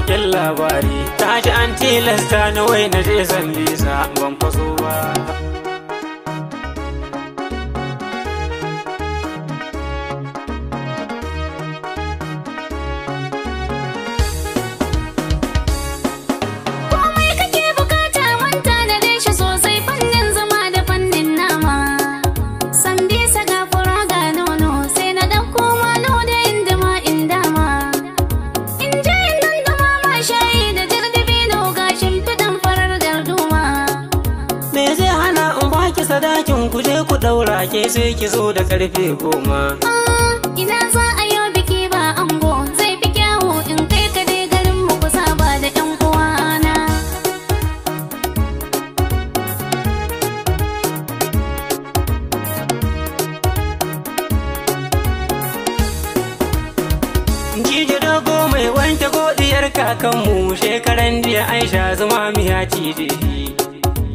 bakin labari ta ji an tilasta ni wai na je san bisa ban faso ba daura ke sai ki zo da karfe goma. Ina za a yau biki ba ango zai fi kyawu in kai ka dai garin mu kusa ba da yan uwana. Jiji dogo mai wanke godiyar kakanmu shekaran jiya Aisha zuma miya cije.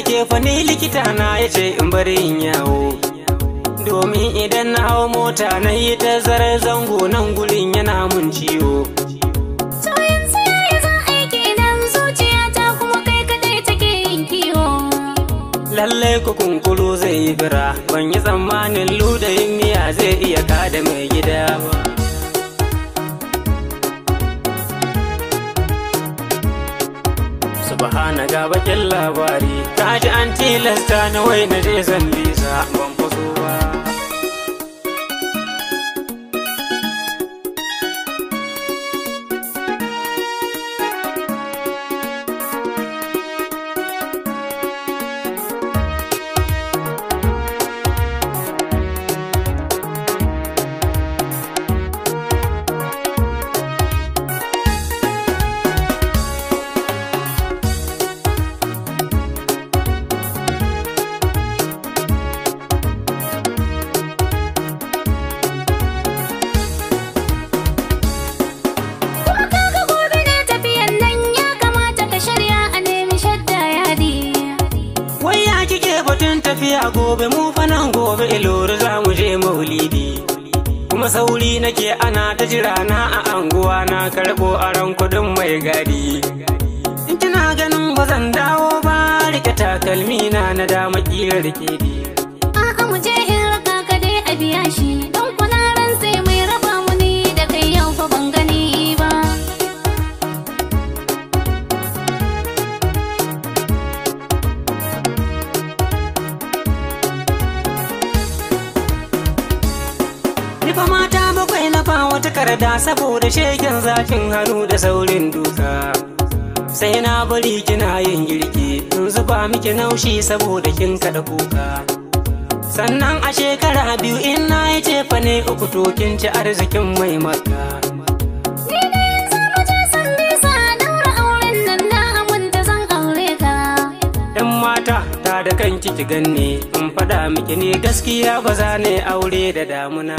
nake fani likita na ya ce in bari in yawo domin idan na hau mota na yi ta zarar zango nan gulin yana mun ciwo lallai ku kunkuru zai yi bira ban yi tsammanin ludayin miya zai iya kada mai subhana ga bakin labari ta ji an tilasta ni wai na je zan lisa ban faso ba tafiya gobe mu fanan gobe ilori za mu je maulidi kuma sauri nake ana ta jira na a anguwa na a aron kudin mai gadi in kina ganin ba zan dawo ba rike takalmi na na dama kira rike a'a mu je in raka ka a biya shi kawo takarda saboda shegen zafin hannu da saurin duka sai na bari kina yin girki in zuba miki naushi saboda kin kada kuka sannan a shekara biyu in na yi cefa ne uku to kin ci arzikin mai maka mata ta da kanki ki ganni in fada miki ne gaskiya ba za aure da damuna